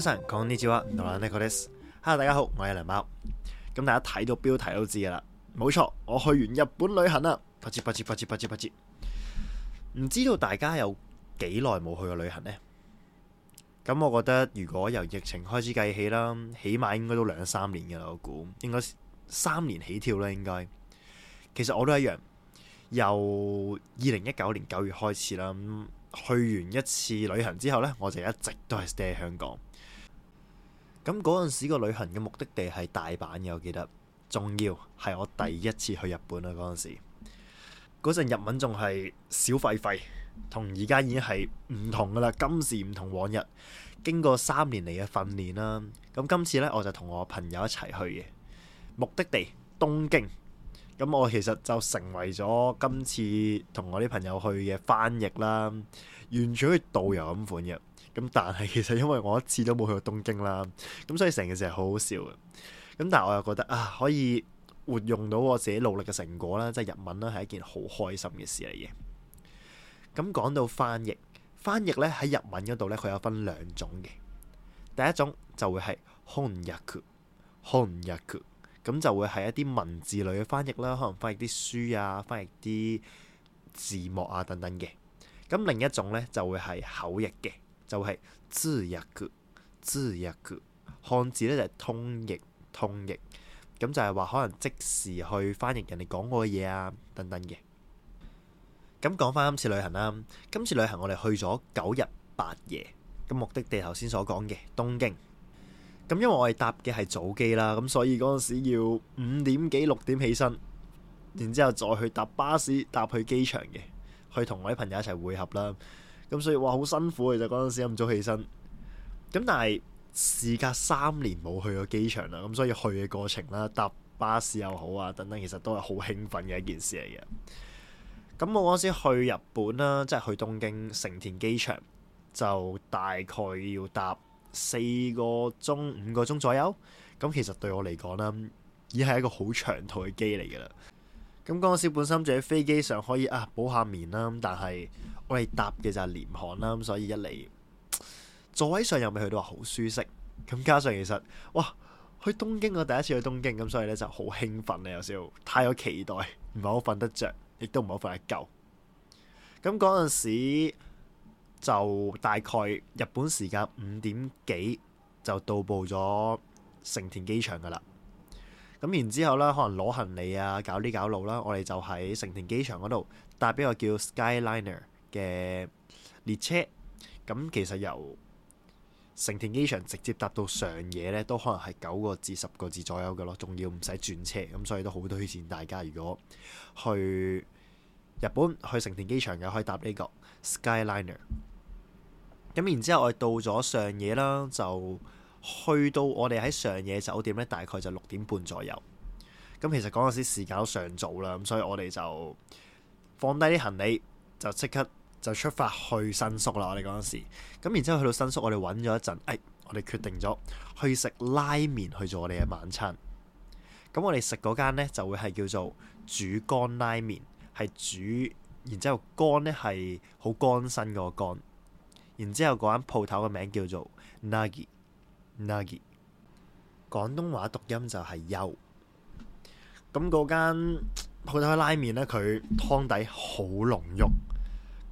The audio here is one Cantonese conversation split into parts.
講呢句話，唔同啦。呢個 Hello 大家好，我係梁貓。咁大家睇到標題都知噶啦，冇錯，我去完日本旅行啦，不接不接不接不接不接。唔知道大家有幾耐冇去過旅行呢？咁我覺得如果由疫情開始計起啦，起碼應該都兩三年嘅啦。我估應該三年起跳啦。應該其實我都一樣，由二零一九年九月開始啦，去完一次旅行之後呢，我就一直都係 stay 香港。咁嗰陣時個旅行嘅目的地係大阪嘅，我記得。仲要係我第一次去日本啦嗰陣時，嗰陣日文仲係小廢廢，同而家已經係唔同噶啦，今時唔同往日。經過三年嚟嘅訓練啦，咁今次呢，我就同我朋友一齊去嘅目的地東京。咁我其實就成為咗今次同我啲朋友去嘅翻譯啦，完全好似導遊咁款嘅。咁但係，其實因為我一次都冇去過東京啦，咁所以成件事係好好笑嘅。咁但係我又覺得啊，可以活用到我自己努力嘅成果啦，即係日文啦，係一件好開心嘅事嚟嘅。咁講到翻譯，翻譯咧喺日文嗰度咧，佢有分兩種嘅。第一種就會係空日缺，空日缺，咁就會係一啲文字類嘅翻譯啦，可能翻譯啲書啊，翻譯啲字幕啊等等嘅。咁另一種咧就會係口譯嘅。就係知日個，知日個，漢字咧就係通譯，通譯，咁就係話可能即時去翻譯人哋講過嘅嘢啊等等嘅。咁講翻今次旅行啦，今次旅行我哋去咗九日八夜，咁目的地頭先所講嘅東京。咁因為我哋搭嘅係早機啦，咁所以嗰陣時要五點幾六點起身，然之後再去搭巴士搭去機場嘅，去同我啲朋友一齊會合啦。咁所以話，好辛苦嘅就嗰陣時咁早起身。咁但係事隔三年冇去過機場啦，咁所以去嘅過程啦，搭巴士又好啊，等等，其實都係好興奮嘅一件事嚟嘅。咁我嗰時去日本啦，即係去東京成田機場，就大概要搭四個鐘、五個鐘左右。咁其實對我嚟講啦，已經係一個好長途嘅機嚟嘅啦。咁嗰陣時本身就喺飛機上可以啊補下眠啦，但係。我哋搭嘅就係廉航啦，咁所以一嚟座位上又未去到話好舒適，咁加上其實哇去東京我第一次去東京，咁所以咧就好興奮啊，有少太有期待，唔係好瞓得着，亦都唔好瞓得夠。咁嗰陣時就大概日本時間五點幾就到步咗成田機場噶啦。咁然後之後然之後咧，可能攞行李啊，搞呢搞路啦，我哋就喺成田機場嗰度搭一個叫 Skyliner。嘅列車，咁其實由成田機場直接搭到上野呢，都可能係九個至十個字左右嘅咯，仲要唔使轉車，咁所以都好推薦大家如果去日本去成田機場嘅，可以搭呢個 Skyliner。咁然之後我哋到咗上野啦，就去到我哋喺上野酒店呢，大概就六點半左右。咁其實嗰陣時時間都尚早啦，咁所以我哋就放低啲行李，就即刻。就出發去新宿啦！我哋嗰陣時，咁然之後去到新宿，我哋揾咗一陣，誒、哎，我哋決定咗去食拉麵去做我哋嘅晚餐。咁我哋食嗰間呢，就會係叫做煮乾拉麵，係煮，然之後乾呢係好乾身個乾。然之後嗰間鋪頭嘅名叫做 Nagi，Nagi，廣東話讀音就係優。咁嗰間鋪頭嘅拉麵呢，佢湯底好濃郁。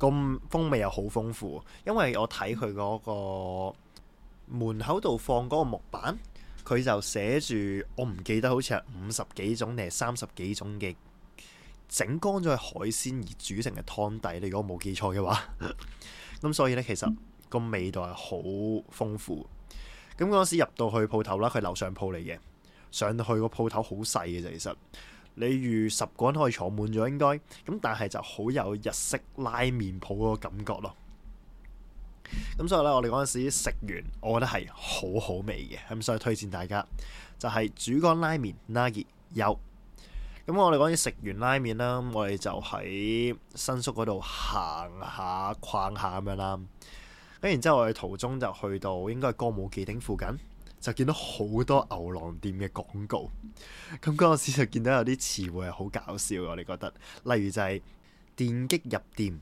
咁風味又好豐富，因為我睇佢嗰個門口度放嗰個木板，佢就寫住我唔記得，好似係五十幾種定係三十幾種嘅整乾咗海鮮而煮成嘅湯底。你如果冇記錯嘅話，咁 所以呢，其實個味道係好豐富。咁嗰陣時入到去鋪頭啦，佢樓上鋪嚟嘅，上到去個鋪頭好細嘅咋其實。你預十個人可以坐滿咗，應該咁，但係就好有日式拉麵鋪嗰個感覺咯。咁所以咧，我哋嗰陣時食完，我覺得係好好味嘅，咁所以推薦大家就係煮乾拉麵 Nagi 有，咁我哋講完食完拉麵啦，我哋就喺新宿嗰度行下逛下咁樣啦。咁然之後，我哋途中就去到應該係歌舞伎町附近。就見到好多牛郎店嘅廣告，咁嗰陣時就見到有啲詞彙係好搞笑嘅，我哋覺得，例如就係電擊入店，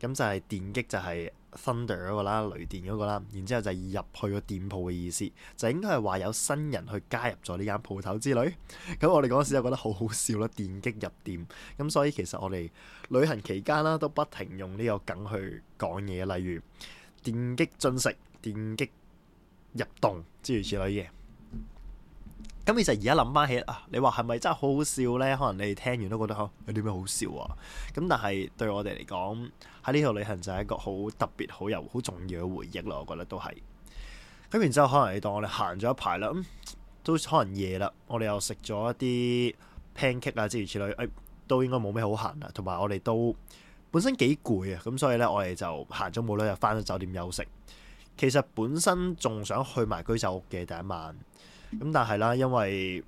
咁就係電擊就係 Thunder 嗰個啦，雷電嗰個啦，然之後就入去個店鋪嘅意思，就應該係話有新人去加入咗呢間鋪頭之類。咁我哋嗰陣時就覺得好好笑啦，電擊入店。咁所以其實我哋旅行期間啦，都不停用呢個梗去講嘢，例如電擊進食、電擊。入洞之如此類嘅，咁其實而家諗翻起啊，你話係咪真係好好笑呢？可能你哋聽完都覺得有啲咩好笑啊！咁但係對我哋嚟講，喺呢度旅行就係一個好特別、好有好重要嘅回憶咯。我覺得都係。咁然之後，可能你當我哋行咗一排啦，咁、嗯、都可能夜啦。我哋又食咗一啲 pancake 啊之如此類、哎，都應該冇咩好行啊。同埋我哋都本身幾攰啊，咁所以呢，我哋就行咗冇耐就，翻咗酒店休息。其實本身仲想去埋居酒屋嘅第一晚，咁但係啦，因為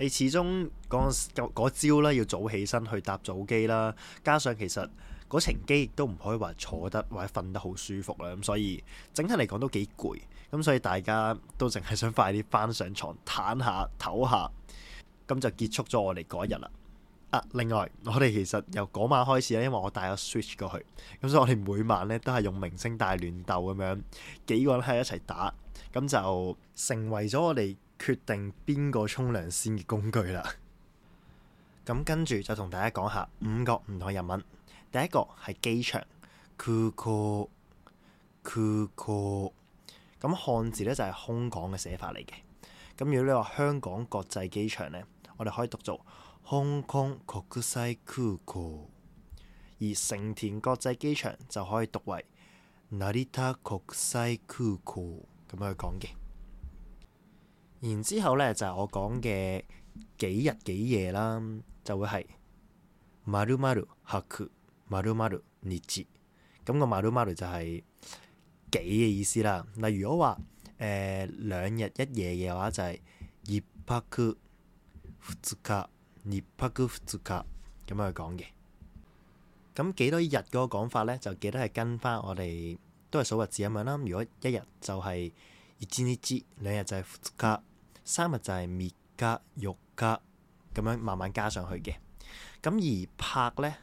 你始終嗰朝呢要早起身去搭早機啦，加上其實嗰程機亦都唔可以話坐得或者瞓得好舒服啦，咁所以整體嚟講都幾攰，咁所以大家都淨係想快啲翻上床，攤下唞下，咁就結束咗我哋嗰一日啦。啊、另外，我哋其實由嗰晚開始咧，因為我帶咗 Switch 過去，咁所以我哋每晚咧都係用明星大亂鬥咁樣，幾個人喺一齊打，咁就成為咗我哋決定邊個沖涼先嘅工具啦。咁跟住就同大家講下五個唔同嘅日文。第一個係機場，くうこう、くうこう。咁漢字咧就係空港嘅寫法嚟嘅。咁如果你話香港國際機場咧，我哋可以讀做。Hong 香港國際空港，而成田國際機場就可以讀為 Narita 成田國際空港咁樣去講嘅。然之後咧就係、是、我講嘅幾日幾夜啦，就會係。まるまる泊まるまる日咁個，Maru Maru 就係幾嘅意思啦？例如果話誒兩日一夜嘅話就係、是、二泊。尼帕古族卡咁樣去講嘅，咁幾多日嗰個講法咧，就記得係跟翻我哋都係數日子咁樣啦。如果一，就一日，日就係熱煎熱煎，兩日就係夫斯卡，三日就係滅加肉加，咁樣慢慢加上去嘅。咁而拍咧，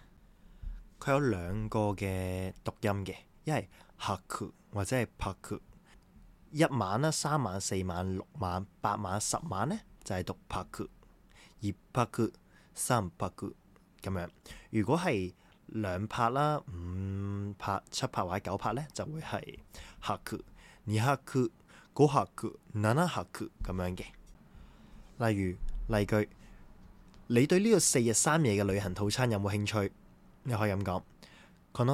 佢有兩個嘅讀音嘅，一係拍括或者係拍括，一晚啦，三晚、四晚、六晚、八晚、十晚咧，就係、是、讀拍括。二拍句、三拍句咁樣。如果係兩拍啦、五拍、七拍或者九拍咧，就會係百句、二百句、五百句、七百句咁樣嘅。例如例句，你對呢個四日三夜嘅旅行套餐有冇興趣？你可以咁講。然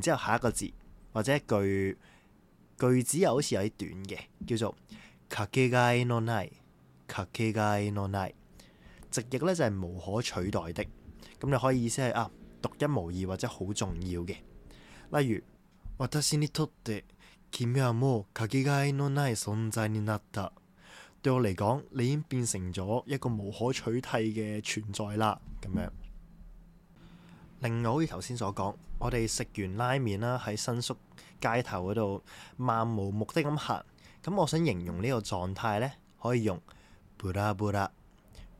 之後下一個字或者一句。句子又好似有啲短嘅，叫做かけがえのない，かけがえのない直譯咧就係、是、無可取代的，咁你可以意思係啊，獨一無二或者好重要嘅。例如，watashi ni totte kimi wa mo かけがえのない存在になった，對我嚟講，你已經變成咗一個無可取代嘅存在啦。咁樣，另外好似頭先所講，我哋食完拉麵啦，喺新宿。街頭嗰度漫無目的咁行，咁我想形容呢個狀態呢可以用ブラブラ，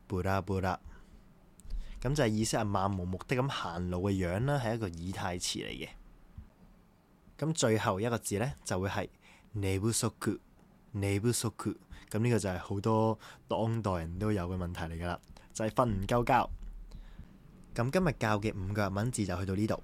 ブラブラ，咁就係意思係漫無目的咁行路嘅樣啦，係一個擬態詞嚟嘅。咁最後一個字呢，就會係 nebosoku nebosoku 咁呢個就係好多當代人都有嘅問題嚟噶啦，就係瞓唔夠覺。咁今日教嘅五個日文字就去到呢度。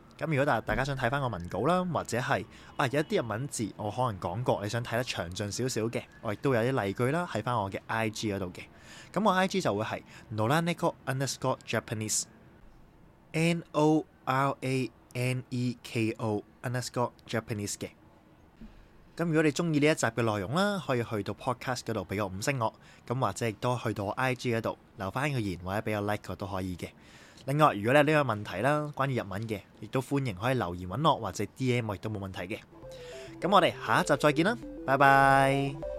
咁如果大大家想睇翻個文稿啦，或者係啊有啲日文字我可能講過，你想睇得詳盡少少嘅，我亦都有啲例句啦喺翻我嘅 I G 嗰度嘅。咁我 I G 就會係 Noraneko_Japanese，N O R A N E K O_Japanese Unesco 嘅。咁如果你中意呢一集嘅內容啦，可以去到 Podcast 嗰度俾個五星我，咁或者亦都去到我 I G 嗰度留翻個言或者俾個 like 我都可以嘅。另外，如果你有呢個問題啦，關於日文嘅，亦都歡迎可以留言揾我，或者 DM 我，亦都冇問題嘅。咁我哋下一集再見啦，拜拜。